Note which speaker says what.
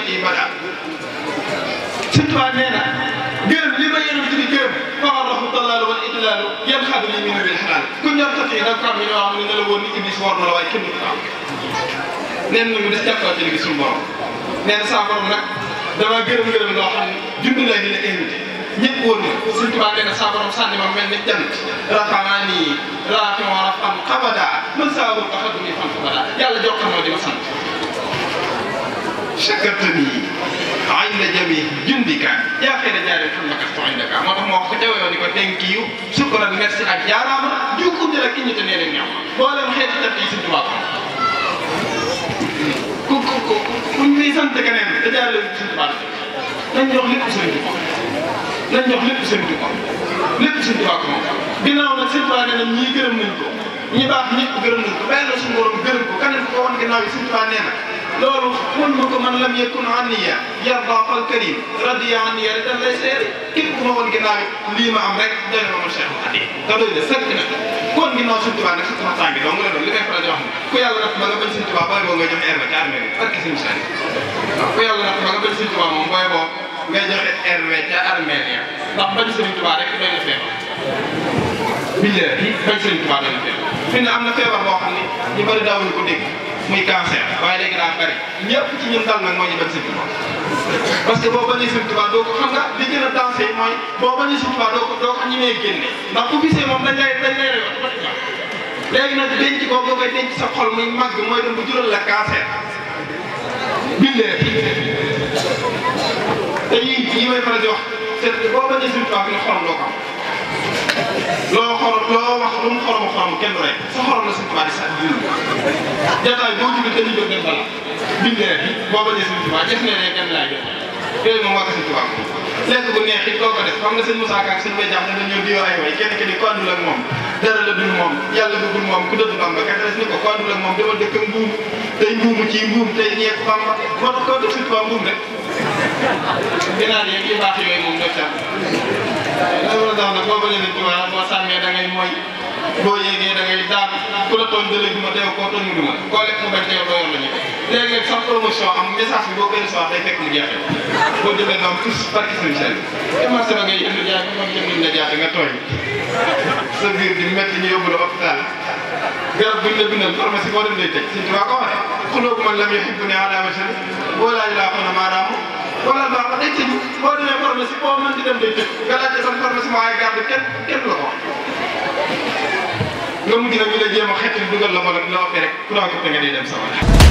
Speaker 1: ko ciy bagaat surtout waa nee na gërëm li ma yéen a tudd gërëm kooku ndox mu tolloo la wala itulaalu yan xaar yi ñu nëbee xalaat ku ñor ko fii nag kàddu yi ñoo xam ne ne la woon nit ki bis war na la waaye kenn du ko am. nee na mu des jàppal ci liggéey suñu borom nee na saa borom nag damaa gërëm gërëm loo xam ne jublu lay dina invité. ñëpp wóor na suñ tubaab nee na saa borom sànni ma mel ni jant raxamaani raxama raxam xabada man saa wóor ko xaddu ni fan xabada yàlla jox ko ma di ma sant shakartani ayna jami jundika yaa xayra jaari xamnakasto indaka moo tax ma wax ko jaweyoon ni ko thank you sukkuran merci ak jaaraama jukkum jëla ki ñu te nee leen neew boolem xeeti taf yi suñ tubaab ku ku ku ku ñuy sant keneen te jaar leen suñ tubaab nañ jox lépp sëriñ bi nañ jox lépp sëriñ bi lépp suñ tubaab moom ginnaaw nag suñ tubaab nee nañ ñii gërëm nañ ko ñi baax ñëpp gërëm nañ ko benn suñu borom gërëm ko keneen ko ko woon ginnaaw yi suñ tubaab nee na loolu xullu ko man lam yakun anniya yarda fal karim radiya anniya rek dañ lay seere képp ku ma woon ginnaaw it lii ma am rek doy na ma Cheikh Xadim da doy de sëkk na kon ginnaaw Sëñ Tuubaa nag sa sama tàngi dong la doon li may faral di wax ku yàlla def ma nga bañ Sëñ Tuubaa booy boo nga jox air ba ci armée bi ak Sëñ Saali waaw ku yàlla def ma nga bañ Sëñ Tuubaa moom booy boo ngay joxe RW ca Arménie ndax bañ Sëriñ Tuubaa rek doy na feebar. biñ leen bañ Sëriñ Tuubaa doy na feebar fi ne am na feebar boo xam ne ñu bëri daawuñu ko dégg. muy cancer waaye léegi daa bëri ñëpp ci ñun dal nag moo ñu bañ Sëñ Tuubaa parce que boo bañee Sëñ Tuubaa doo ko xam nga li gën a dansé mooy boo bañee Sëñ Tuubaa doo ko doo ko ñemee génne ndax ku gisee moom dañ lay dañ lay reyoo léegi nag denc ko boo koy denc sa xol muy màgg mooy dem bu jural la cancer bindee te yii yi may faral di wax c'est que boo bañee Sëñ Tuubaa bi ne xolam doo ko am loo xorom loo wax lu mu xorom xorom kenn rek sa xorom la Sëñ Tuubaa di sax bind jataay boo jógee dañuy jóg dem bala bindee bi boo bañee Sëñ Tuubaa def ne rek kenn laay jot yooyu moom war ko Sëñ Tuubaa lekk bu neex it doo ko def xam nga sëñ Moussa Ka ak sëñ Bay Jax ne dañoo di ay way kenn kenn ko àndul ak moom dara la dul moom yàlla bëggul moom ku dëdd Bamba kenn des ni ko ko àndul ak moom dama dëkk mbuum tey mbuumu ci mbuum tey ñeek Bamba moo tax koo def Sëñ Tuubaa mbuum rek ginaar yeeg yu baax yooyu moom def ca loolu tax nag boo bëggee nañ ci wàll boo sànnee da ngay mooy boo yéegee da ngay daan ku la toon jëlee bi ma teew koo toon du ma koo lekk mu bañ teew doo yor la ñu léeg-léeg sax promotion am message bi boo koy recevoir day fekk mu jeexee boo jëlee doom tous barki seen seen commencé ba ngay indi jaay moom ca muñ la jaay nga tooy sa biir di métti ñu yóbbu la hôpital garab buñ la bindal pharmacie boo dem lay tëj suñ tubaab ko waxee xulóobu man lam yuhibbu ni alaama seen wala ilaa xona maaraamu pharmacie boo mën di dem day tëj nga laajte sax pharmacie waaye garde kenn kenn la ko wax. nga mujj nag ñu la jéem a xetil dugal la fa la opéré rek ku da nga dem sama